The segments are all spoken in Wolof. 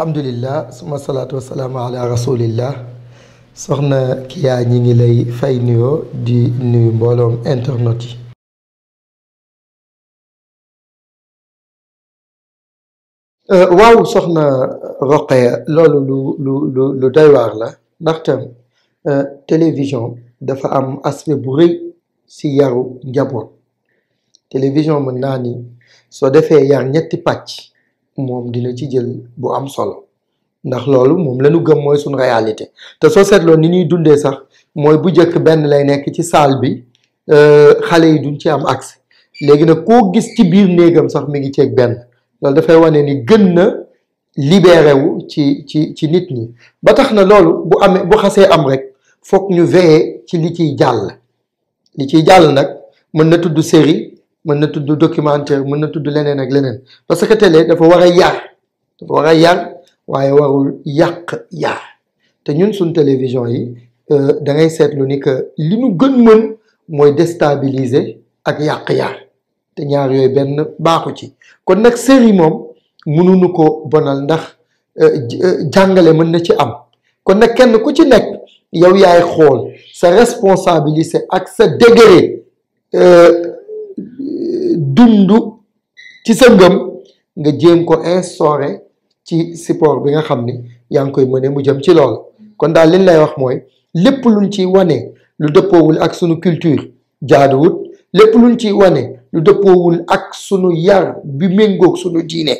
alhamdulillah suma wa salam ala rasulillah soxna Kiya ñi fay di nuyu mbolom internet yi euh, waaw soxna Roqaya loolu lu lu lu lu doy euh, télévision dafa am aspect bu si yaru télévision mën ni yar ñetti moom dina ci jël bu am solo ndax loolu moom lañu gëm mooy suñ réalité te soo seetloo ni ñuy dundee sax mooy bu njëkk benn lay nekk ci saal bi euh, xale yi duñ ci am accès léegi nag koo gis ci biir néegam sax mi ngi ceeg benn loolu dafay wane ni gën na libéré ci ci ci nit ñi ba tax na loolu bu amee bu xasee am rek foog ñu veiller ci li ciy jàll li ciy jàll nag mën na tudd série mën na tudd documentaire mën na tudd leneen ak leneen parce que télé dafa war a yar a yar waaye warul yàq yar te ñun suñ télévision yi euh, da ngay seetlu ni que li ñu gën mën mooy destabilise ak yàq yar te ñaar yooyu benn baaxu ci kon nag série moom mënuñu ko bonal ndax euh, euh, jàngale mën na ci am kon nag kenn ku ci nekk yow yaay xool sa responsabilité ak sa degré dund ci sa ngëm nga jéem ko instauré ci support bi nga xam ni yaa ngi koy mëne mu jëm ci lool kon daal lin lay wax mooy lépp luñ ci wane lu dëppoowul ak sunu culture jaaduwut lépp luñ ci wane lu dëppoowul ak sunu yar bi méngoog sunu diine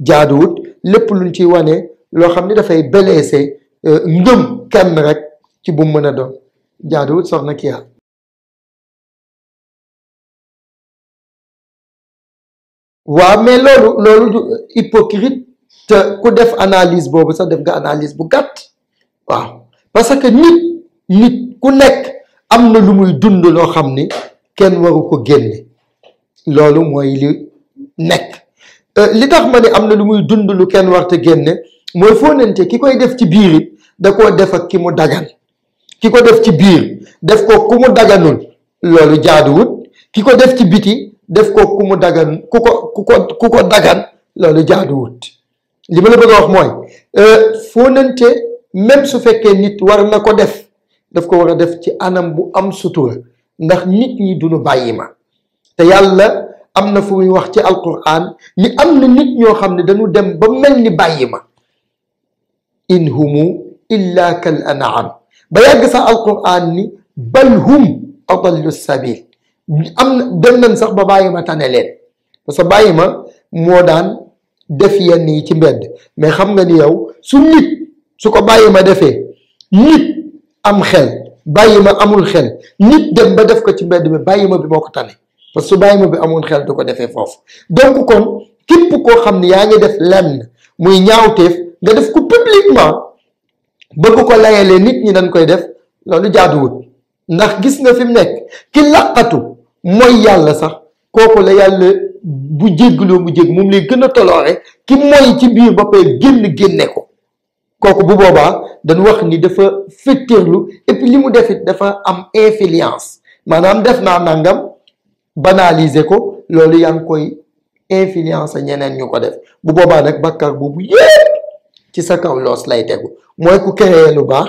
jaaduwut lépp luñ ci wane loo xam ni dafay blessé euh, ngëm kenn rek ci bu mën a doon jaaduwut soxna ki yàlla waaw mais loolu loolu hypocrite te ku def analyse boobu sax def nga analyse bu gàtt waaw parce que nit nit ku nekk am na lu muy dund loo xam ni kenn waru ko génne loolu mooy li nekk euh, li tax ma ne am na lu muy dund lu kenn warte génne mooy fóonante ki koy def ci biir it da koo def ki mu dagan ki ko def ci biir def ko ku mu daganul loolu jaaduwut ki ko def ci biti def ko ku mu dagan ku ko ku ko ku ko dagan loolu jaaduwut li ma la bëgg wax mooy euh, fóonante même su fekkee nit war na ko def daf ko war a def ci anam bu am sutura ndax nit ñi duñu bàyyi ma te yàlla am na fu muy wax ci alquran ni am na nit ñoo xam ne dañu dem ba mel ni bàyyi ma in humu illa kal an'am ba yàgg sax alquran ni bal hum adallu sabil am na dem nañ sax ba bàyyi ma tane leen parce que bàyyi ma moo daan def yenn yi ci mbedd mais xam nga ni yow su nit su ko bàyyi ma defee nit am xel bàyyi ma amul xel nit dem ba def ko ci mbedd mi bàyyi ma bi moo ko tane parce que su bàyyi ma bi amul xel du ko defee foofu donc kon képp koo xam ne yaa ngi def lenn muy ñaawteef nga def ko publiquement bëgg ko layalee nit ñi dañ koy def loolu jaaduwut ndax gis nga fi mu nekk ki laqatu mooy yàlla sax kooku la yàlla bu jéggloo mu jég moom lay gën a toloore ki mooy ci biir ba pare génn génne ko kooku bu boobaa dañu wax ni dafa féttéerlu et li mu def it dafa am influence maanaam def naa nangam banaliser ko loolu yaa ngi koy influence ñeneen ñu ko def bu boobaa nag bàkkaar boobu yépp ci sa kaw loos lay tegu mooy ku créé lu baax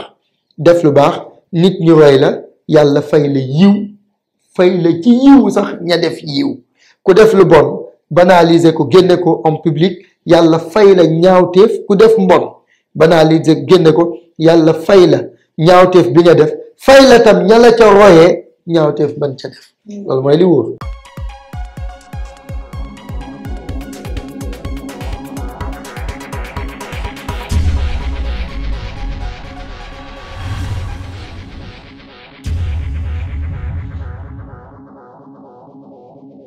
def lu baax nit ñu roy la yàlla fay la yiw fay la ci yiwu sax ña def yiw ku def lu bon banaliser ko génne ko en public yàlla fay la ñaawteef ku def mbon banaliser ko génne ko yàlla fay la ñaawteef bi ña def fay la tam ña la ca royee ñaawteef ban ca def mm. loolu mooy li wóor